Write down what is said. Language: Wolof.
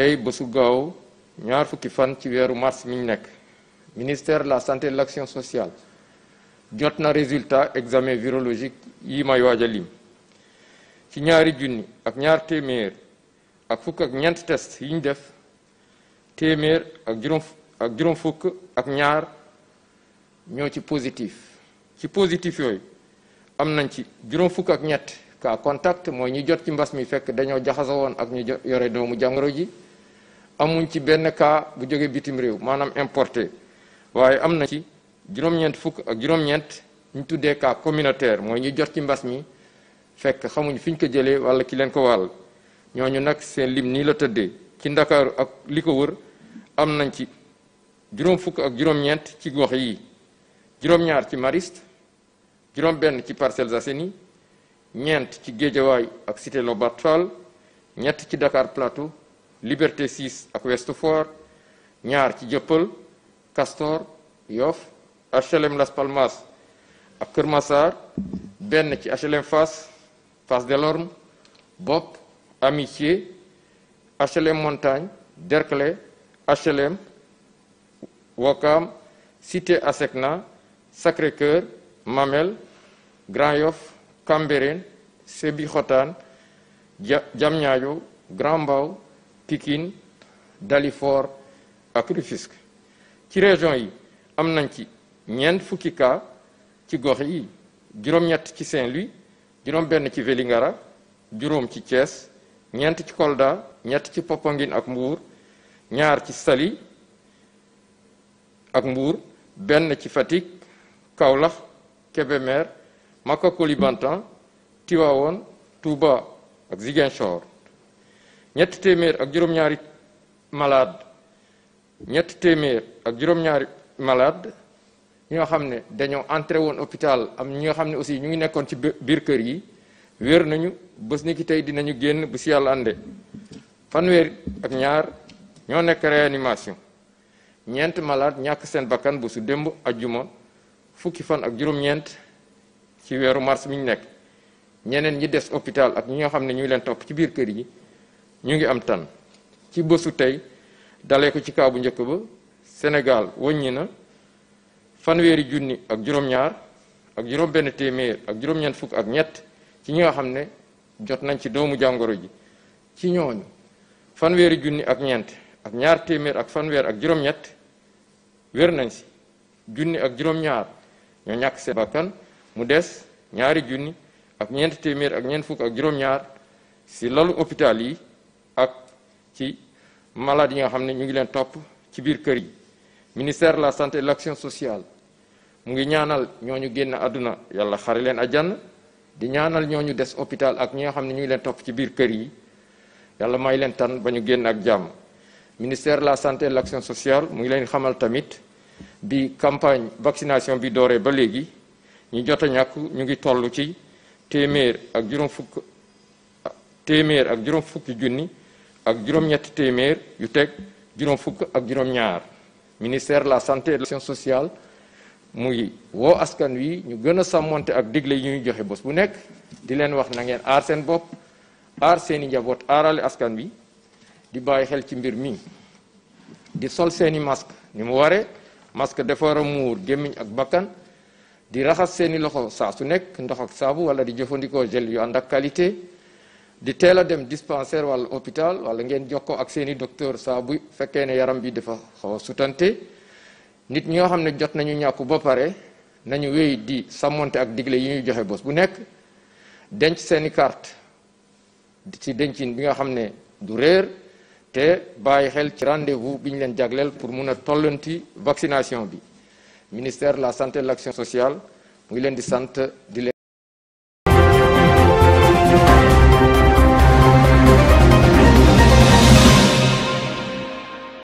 tey bésu gaaw ñaar fukki fan ci weeru mars mi nekk ministère de la santé et de l'action sociale jot na résultat examen virologique yi may waaj a lim ci ñaari junni ak ñaar téeméer ak fukk ak ñeent test yi ñu def téeméer ak juróom ak fukk ak ñaar ñoo ci positif ci positif yooyu am nañ ci juróom fukk ak ñett cas contact mooy ñi jot ci mbas mi fekk dañoo jaxasoo ak ñu yore doomu jàngoro ji amuñ ci benn kaa bu jóge bitim réew maanaam importé waaye am na ci juróom-ñeent fukk ak juróom-ñeent ñu tuddee cas communautaire mooy ñu jox ci mbas mi fekk xamuñ fiñ ko jëlee wala ki leen ko wàll ñu nag seen lim nii la tëddee ci ndakaaru ak li ko wër am nañ ci juróom fukk ak juróom-ñeent ci gox yi juróom-ñaar ci Mariste juróom-benn ci parcelle Assainies ñeent ci Géejawaay ak Cité Lobatt Fall ñett ci ndakaar Plateau Liberté 6 ak Ouest ñaar ci Jëppal Castor Yoff HLM Las Palmas ak Kër benn ci HLM Fass Fass Delorme Bopp Amitié HLM Montagne Derklé HLM Wakam Cité Asecna Sacré-Cœur Mamel Grand Yoff Cambérène Sébi Xotaan Diamniadio Grand Mbao tikin dalifor ak Rufisque ci région yi am nañ ci ñeent fukki ci gox yi juróom-ñett ci Saint-Louis juróom-benn ci Vélingara juróom ci Thiès ñeent ci Kolda ñett ci Popenguine ak Mbour ñaar ci Saly ak Mbour benn ci fatik kawlax Kébémer Makka Koulibantang Tivaouane Touba ak Ziguinchor ñett téeméer ak juróom-ñaari malade ñetti téeméer ak juróom-ñaari malade ñi xam ne dañoo entré woon hôpital am ñi nga xam ne aussi ñu ngi nekkoon ci biir kër yi wér nañu bës ni ki tey dinañu génn bu si yàlla ànde fanweer ak ñaar ñoo nekk réanimation ñeent malade ñàkk seen bakkan bu su démb ak ajjuma fukki fan ak juróom-ñeent ci weeru mars mi ñu nekk ñeneen ñi des hôpital ak ñoo xam ne ñu leen topp ci biir kër yi ñu ngi am tan ci bësu tey dalee ko ci kaw bu njëkk ba senegal wàññi na fanweeri junni ak juróom ak juróom-benn ak juróom-ñeent fukk ak ñett ci ñi nga xam ne jot nañ ci doomu jàngoro ji ci ñooñu fanweeri junni ak ñeent ak ñaar téeméer ak fanweer ak juróom-ñett wér nañ ci junni ak juróom-ñaar ñoo ñàkk seen bakkan mu des ñaari junni ak ñeent téeméer ak ñeent fukk ak juróom-ñaar si lalu hôpital yi ak ci malade yi nga xam ne ñu ngi leen topp ci biir kër yi ministère la santé et de l'action sociale mu ngi ñaanal ñoo ñu génn àdduna yàlla xare leen a àjjana di ñaanal ñoo ñu des hôpital ak ñi xam ne ñu ngi leen topp ci biir kër yi yàlla may leen tan ba ñu génn ak jàmm ministère la santé et de l'action sociale mu ngi leen xamal tamit bi campagne vaccination bi dooree ba léegi ñu jot a ñàkk ñu ngi toll ci téeméer ak juróom fukk téeméer ak juróom fukki ak juróom-ñetti téeméer yu teg juróom fukk ak juróom-ñaar ministère la santé et de l'action sociale muy woo askan wi ñu gën a sàmmonte ak digle yi ñuy joxe bos bu nekk di leen wax nangeen ngeen aar seen bopp aar seeni njaboot aarale askan wi di bàyyi xel ci mbir mi di sol seeni masque ni mu waree masque dafa war a muur gémmiñ ak bakkan di raxas seeni loxo saa su nekk ndox ak saabu wala di jëfandikoo gel yu ànd ak qualité di teel a dem dispensaire wala hôpital wala ngeen jox jokkoo ak seeni docteur saa bu fekkee ne yaram bi dafa xaw a sutante nit ñi nga xam ne jot nañu ñàkku ba pare nañu wéy di sàmmonte ak digle yi ñuy joxe bos bu nekk denc seeni carte ci dencin bi nga xam ne du réer te bàyyi xel ci rendez-vous leen jagleel pour mun a tollanti vaccination bi ministère la santé et de l'action sociale mu ngi leen di sant di leen